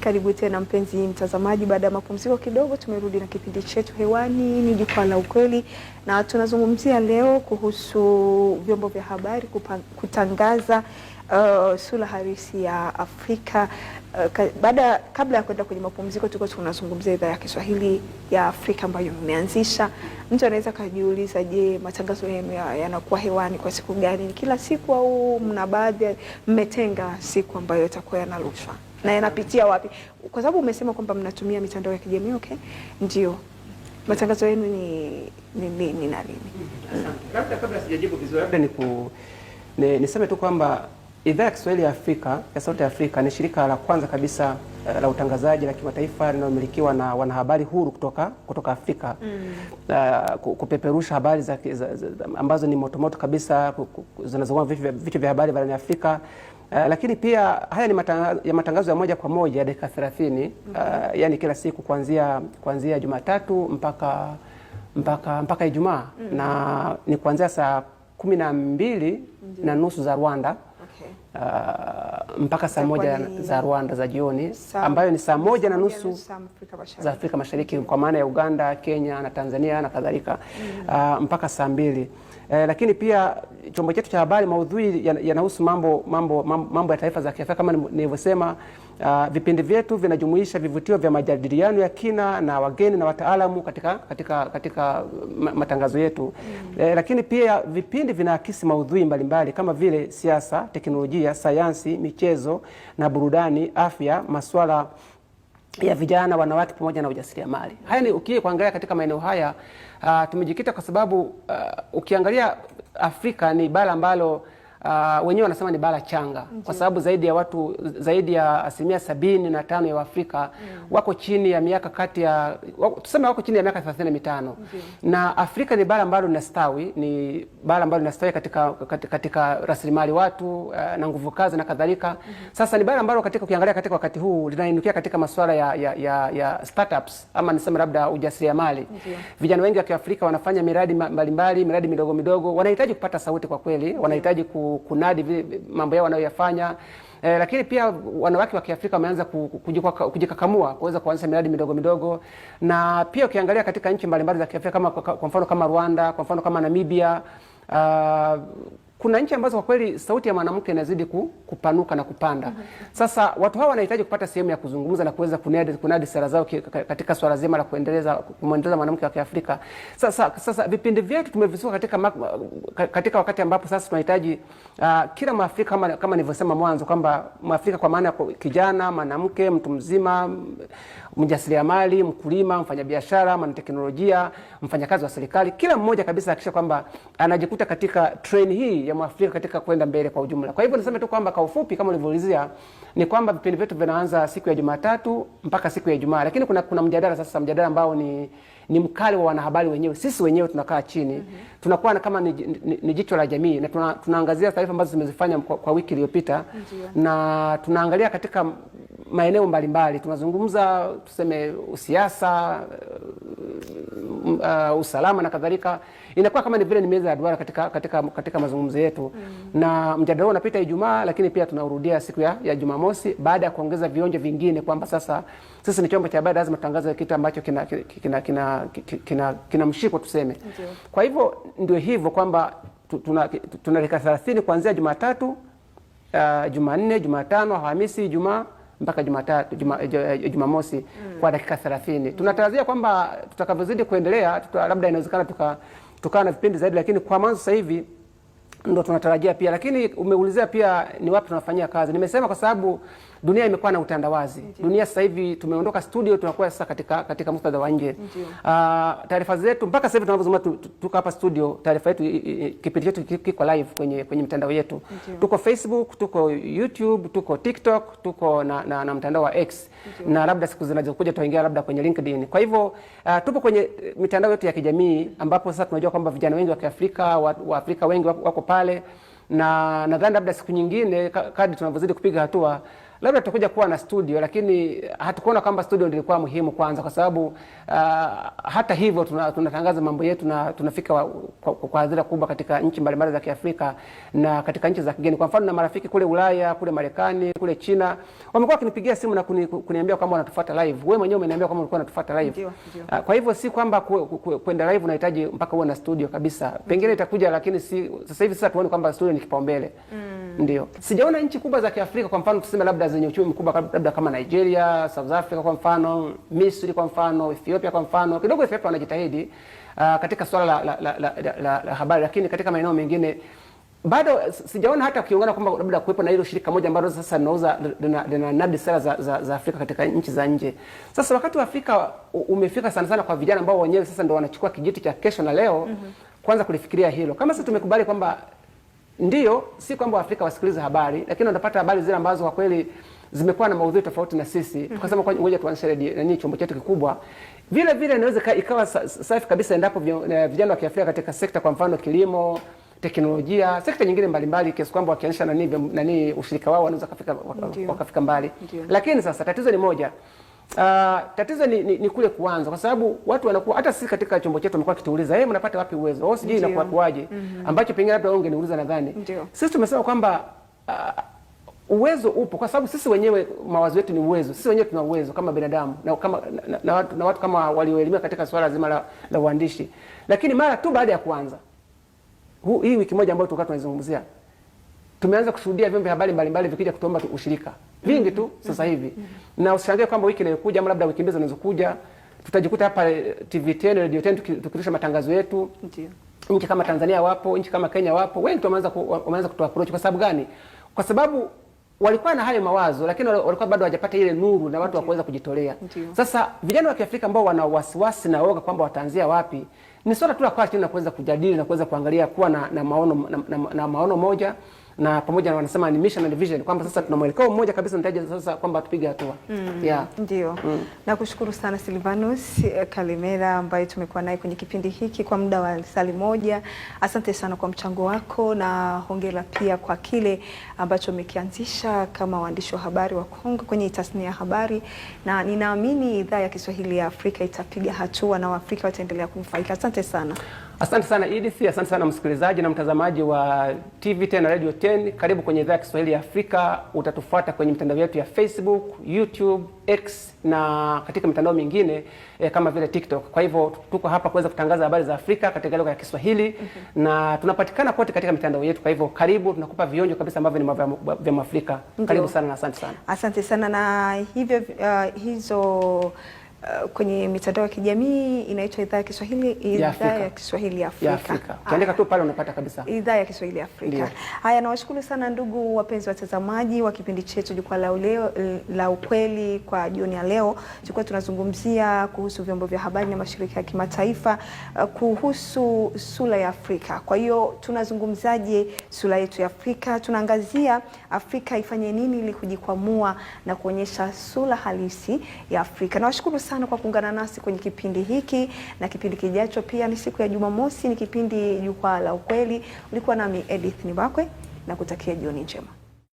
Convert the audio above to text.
Karibu tena mpenzi mtazamaji, baada ya mapumziko kidogo, tumerudi na kipindi chetu hewani, ni jukwaa la ukweli, na tunazungumzia leo kuhusu vyombo vya habari kupa, kutangaza uh, sura halisi ya Afrika. Uh, ka, baada kabla ya kwenda kwenye mapumziko, tuko tunazungumzia idhaa ya Kiswahili ya Afrika ambayo imeanzisha. Mtu anaweza kujiuliza, je, matangazo yenu yanakuwa ya hewani kwa siku gani? Ni kila siku au mna baadhi mmetenga siku ambayo itakuwa yanarushwa? na yanapitia wapi? Kwa sababu umesema kwamba mnatumia mitandao ya kijamii okay, ndio matangazo yenu ni ni ni, ni nani? Labda kabla sijajibu vizuri, labda ku ni, niseme tu kwamba Idhaa ya Kiswahili ya Afrika ya Sauti ya Afrika ni shirika la kwanza kabisa eh, la utangazaji la kimataifa linalomilikiwa na wanahabari huru kutoka, kutoka Afrika mm. Uh, kupeperusha habari za, za, za, ambazo ni motomoto kabisa zinazogonga vichwa vya habari barani Afrika Uh, lakini pia haya ni matangazo ya, matangazo ya moja kwa moja ya dakika 30 uh, mm-hmm. eh, yani kila siku kuanzia kuanzia Jumatatu mpaka mpaka mpaka Ijumaa mm -hmm. na ni kuanzia saa kumi na mbili na nusu za Rwanda okay uh, mpaka saa moja ni... za Rwanda za jioni Sam, ambayo ni saa moja na nusu za Afrika Mashariki kwa maana ya Uganda, Kenya na Tanzania na kadhalika mm. uh, mpaka saa mbili eh, lakini pia chombo chetu cha habari maudhui yanahusu mambo, mambo, mambo ya taifa za Kiafrika kama nilivyosema. Uh, vipindi vyetu vinajumuisha vivutio vya majadiliano ya kina na wageni na wataalamu katika, katika, katika matangazo yetu mm. eh, lakini pia vipindi vinaakisi maudhui mbalimbali mbali, kama vile siasa, teknolojia teknolojia, sayansi, michezo na burudani, afya, masuala ya vijana, wanawake pamoja na ujasiriamali. Haya ni ukie kuangalia katika maeneo haya uh, tumejikita kwa sababu uh, ukiangalia Afrika ni bara ambalo uh, wenyewe wanasema ni bara changa Mjee. kwa sababu zaidi ya watu zaidi ya asilimia sabini na tano ya Waafrika mm. wako chini ya miaka kati ya wako, tuseme wako chini ya miaka thelathini na mitano na Afrika ni bara ambalo linastawi, ni bara ambalo linastawi katika, katika, katika rasilimali watu uh, na nguvu kazi na kadhalika. Mm-hmm. Sasa ni bara ambalo katika ukiangalia katika wakati huu linainukia katika masuala ya, ya, ya, ya startups ama niseme labda ujasiriamali. Vijana wengi wa Kiafrika wanafanya miradi mbalimbali, miradi midogo midogo, wanahitaji kupata sauti kwa kweli, wanahitaji ku kunadi mambo yao wanayoyafanya. Eh, lakini pia wanawake wa Kiafrika wameanza kujikakamua kuweza kuanzisha miradi midogo midogo, na pia ukiangalia katika nchi mbalimbali za Kiafrika kama kwa mfano kama Rwanda, kwa mfano kama Namibia uh, kuna nchi ambazo kwa kweli sauti ya mwanamke inazidi kupanuka na kupanda. Mhm. Sasa watu hawa wanahitaji kupata sehemu ya kuzungumza na kuweza kunadi kunadi sera zao katika swala zima la kuendeleza kumwendeleza mwanamke wa Kiafrika. Sasa sasa vipindi vyetu tumevisuka katika katika wakati ambapo sasa tunahitaji uh, kila Mwafrika kama kama nilivyosema mwanzo kwamba Mwafrika kwa maana ya kijana, mwanamke, mtu mzima mjasiriamali, mkulima, mfanyabiashara, mwanateknolojia, mfanyakazi wa serikali, kila mmoja kabisa hakikisha kwamba anajikuta katika treni hii ya Mwafrika katika kwenda mbele kwa ujumla. Kwa hivyo niseme tu kwamba kwa ufupi, kama ulivyoulizia, ni kwamba vipindi vyetu vinaanza siku ya Jumatatu mpaka siku ya Ijumaa, lakini kuna, kuna mjadala sasa, mjadala ambao ni ni mkali wa wanahabari wenyewe. Sisi wenyewe tunakaa chini mm -hmm. tunakuwa kama ni, ni, ni jicho la jamii na tuna, tunaangazia taarifa ambazo zimezifanya kwa, kwa wiki iliyopita mm -hmm. na tunaangalia katika maeneo mbalimbali, tunazungumza tuseme siasa, uh, uh, usalama na kadhalika, inakuwa kama ni vile ni meza ya duara katika, katika, katika mazungumzo yetu mm. na mjadala huo unapita Ijumaa, lakini pia tunaurudia siku ya, ya Jumamosi baada ya kuongeza vionjo vingine kwamba sasa sisi ni chombo cha habari, lazima tutangaze kitu ambacho kina, kina, kina, kina, kina, kina mshiko tuseme Ndiyo. Kwa hivyo ndio hivyo kwamba tuna, tuna dakika 30 kuanzia Jumatatu, uh, Jumanne, Jumatano, Alhamisi, Ijumaa mpaka Jumatatu eh, eh, Jumamosi mm. kwa dakika 30. Tunatarajia kwamba tutakavyozidi kuendelea tuta, labda inawezekana tuka tukawa na vipindi zaidi, lakini kwa mwanzo sasa hivi ndo tunatarajia pia, lakini umeulizia pia ni wapi tunafanyia kazi. Nimesema kwa sababu dunia imekuwa na utandawazi. Dunia sasa hivi tumeondoka studio, tunakuwa sasa katika katika muktadha wa nje. Uh, taarifa zetu mpaka sasa hivi tunavyozungumza, tuko hapa studio, taarifa yetu, kipindi chetu kiko live kwenye kwenye mtandao yetu. Tuko Facebook, tuko YouTube, tuko TikTok, tuko na, na, na mtandao wa X Mjio. na labda siku zinazokuja tutaingia labda kwenye LinkedIn. Kwa hivyo uh, tupo kwenye eh, mitandao yetu ya kijamii ambapo sasa tunajua kwamba vijana wengi wa Kiafrika wa, wa Afrika wengi wako pale na nadhani labda siku nyingine kadri tunavyozidi kupiga hatua labda tutakuja kuwa na studio, lakini eh, hatukuona kwamba studio ndio ilikuwa muhimu kwanza, kwa sababu uh, hata hivyo tunatangaza tuna mambo yetu na tunafika wa, kwa, kwa hadhira kubwa katika nchi mbalimbali za Kiafrika na katika nchi za kigeni. Kwa mfano na marafiki kule Ulaya, kule Marekani, kule China wamekuwa wakinipigia simu na kuni, kuniambia kwamba wanatufuata live. Wewe mwenyewe umeniambia kwamba ulikuwa unatufuata live. Ndiyo, ndiyo. Uh, ah, kwa hivyo si kwamba kwenda ku, ku, ku, live unahitaji mpaka uwe na studio kabisa. Pengine itakuja, lakini si sasa hivi, sasa tuone kwamba studio ni kipaumbele. Mm. Ndio. Sijaona nchi kubwa za Kiafrika kwa mfano tuseme labda zenye uchumi mkubwa labda kama Nigeria, South Africa kwa mfano, Misri kwa mfano, Ethiopia kwa mfano. Kidogo Ethiopia wanajitahidi uh, katika swala la, la, la, la, la, la la habari, lakini katika maeneo mengine bado sijaona hata ukiungana kwamba labda kuwepo na hilo shirika moja ambalo sasa linauza lina nadi sera za, za, za Afrika katika nchi za nje. Sasa wakati wa Afrika umefika sana sana kwa vijana ambao wenyewe sasa ndio wanachukua kijiti cha kesho na leo mm -hmm. Kwanza kulifikiria hilo kama sasa tumekubali kwamba ndio si kwamba Waafrika wasikilize habari, lakini wanapata habari zile ambazo kwa kweli zimekuwa na maudhui tofauti na sisi. Tukasema mhm. kwa ngoja tuanze redio nini, chombo chetu kikubwa. Vile vile inaweza ikawa safi kabisa endapo eh, vijana wa Kiafrika katika sekta, kwa mfano kilimo, teknolojia, sekta nyingine mbalimbali, kiasi kwamba wakianzisha nani nani ushirika wao wanaweza kafika wakafika mbali. Ndiyo. Lakini sasa tatizo ni moja Uh, tatizo ni, ni, ni kule kuanza kwa sababu watu wanakuwa hata sisi katika chombo chetu tumekuwa kituuliza yeye eh, mnapata wapi uwezo au sijui inakuwa kuaje mm -hmm. ambacho pengine labda wewe ungeniuliza nadhani sisi tumesema kwamba uh, uwezo upo kwa sababu sisi wenyewe mawazo yetu ni uwezo sisi wenyewe tuna uwezo kama binadamu na kama na, na, na, watu, na watu kama walioelimika katika swala zima la, la uandishi lakini mara tu baada ya kuanza hii wiki moja ambayo tulikuwa tunazungumzia tumeanza kushuhudia vyombo vya habari mbalimbali vikija kutuomba ushirika vingi tu sasa hivi, na usishangae kwamba wiki inayokuja ama labda wiki mbili zinazokuja tutajikuta hapa eh, TV10 Radio 10 tukirusha matangazo yetu. Nchi kama Tanzania wapo, nchi kama Kenya wapo, wengi wameanza wameanza kutoa approach. Kwa sababu gani? Kwa sababu walikuwa na hayo mawazo lakini walikuwa bado hawajapata ile nuru na watu wa kuweza kujitolea. Sasa vijana wa Kiafrika ambao wana wasiwasi na woga kwamba wataanzia wapi ni swala tu la kukaa chini na kuweza kujadili na kuweza kuangalia kuwa na, na, maono, na, na, na maono moja na pamoja na wanasema ni mission and vision kwamba sasa tuna mwelekeo mmoja kabisa, nitaje sasa kwamba tupige hatua mm. yeah. Ndio mm. Nakushukuru sana Silvanus eh, Kalimera ambaye tumekuwa naye kwenye kipindi hiki kwa muda wa sali moja. Asante sana kwa mchango wako na hongera pia kwa kile ambacho umekianzisha kama waandishi wa habari wa Kongo kwenye tasnia ya habari, na ninaamini idhaa ya Kiswahili ya Afrika itapiga hatua na Waafrika wataendelea kunufaika. Asante sana. Asante sana Edith, asante sana msikilizaji na mtazamaji wa TV10 na Radio 10. Karibu kwenye idhaa ya Kiswahili ya Afrika. Utatufuata kwenye mitandao yetu ya Facebook, YouTube, X na katika mitandao mingine eh, kama vile TikTok. Kwa hivyo tuko hapa kuweza kutangaza habari za Afrika katika lugha ya Kiswahili mm -hmm. na tunapatikana kote katika mitandao yetu. Kwa hivyo karibu, tunakupa vionjo kabisa ambavyo ni vya, Mwafrika. Karibu sana na asante sana. Asante sana na hivyo uh, hizo Uh, kwenye mitandao ya kijamii inaitwa idhaa ya Kiswahili, idhaa ya Kiswahili Afrika, Afrika. Ukiandika tu pale unapata kabisa idhaa ya Kiswahili Afrika. Haya, nawashukuru sana ndugu wapenzi watazamaji wa kipindi chetu jukwaa la uleo la ukweli kwa jioni ya leo. Tulikuwa tunazungumzia kuhusu vyombo vya habari na mashirika ya kimataifa uh, kuhusu sura ya Afrika. Kwa hiyo tunazungumzaje sura yetu ya Afrika? Tunaangazia Afrika ifanye nini ili kujikwamua na kuonyesha sura halisi ya Afrika. Nawashukuru sana kwa kuungana nasi kwenye kipindi hiki na kipindi kijacho pia ni siku ya Jumamosi, ni kipindi jukwaa la ukweli. Ulikuwa nami Edith Nibakwe na kutakia jioni njema.